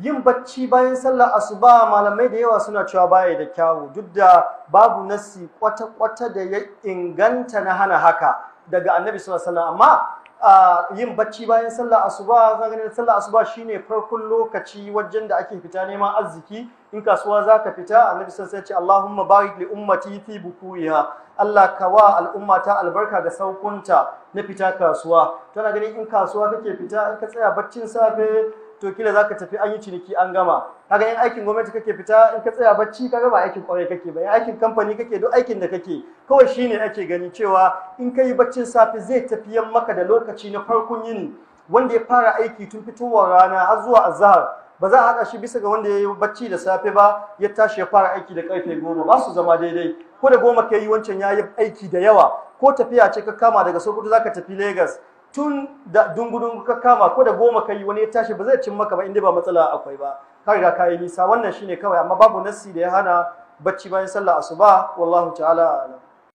yin bacci bayan sallar asuba malamai da yawa suna cewa baya da kyawu duk da babu nasi kwata-kwata da ya inganta na hana haka daga annabi sallallahu alaihi amma yin bacci bayan sallar asuba zan ganin sallar asuba shine farkon lokaci wajen da ake fita neman arziki in kasuwa zaka fita annabi sallallahu alaihi ce Allahumma barik li ummati fi bukuya Allah kawa al'umma ta albarka ga saukunta na fita kasuwa tana ganin in kasuwa kake fita in ka tsaya baccin safe to kila zaka tafi an yi ciniki an gama kaga in aikin gwamnati kake fita in ka tsaya bacci kaga ba aikin kwarai kake ba in aikin kamfani kake duk aikin da kake kawai shine ake gani cewa in kai baccin safe zai tafi maka da lokaci na farkon yini wanda ya fara aiki tun fitowar rana har zuwa azhar ba za a haɗa shi bisa ga wanda ya yi bacci da safe ba ya tashi ya fara aiki da karfe goma ba su zama daidai ko da goma ka yi wancan ya yi aiki da yawa ko tafiya ce ka kama daga sokoto zaka tafi lagos tun da dungudun ka kama ko da goma yi, wani ya tashi ba zai cin maka ba inda ba matsala akwai ba ka riga ka yi nisa wannan shine kawai amma babu nassi da ya hana bacci bayan sallah asuba wallahu ta'ala a'lam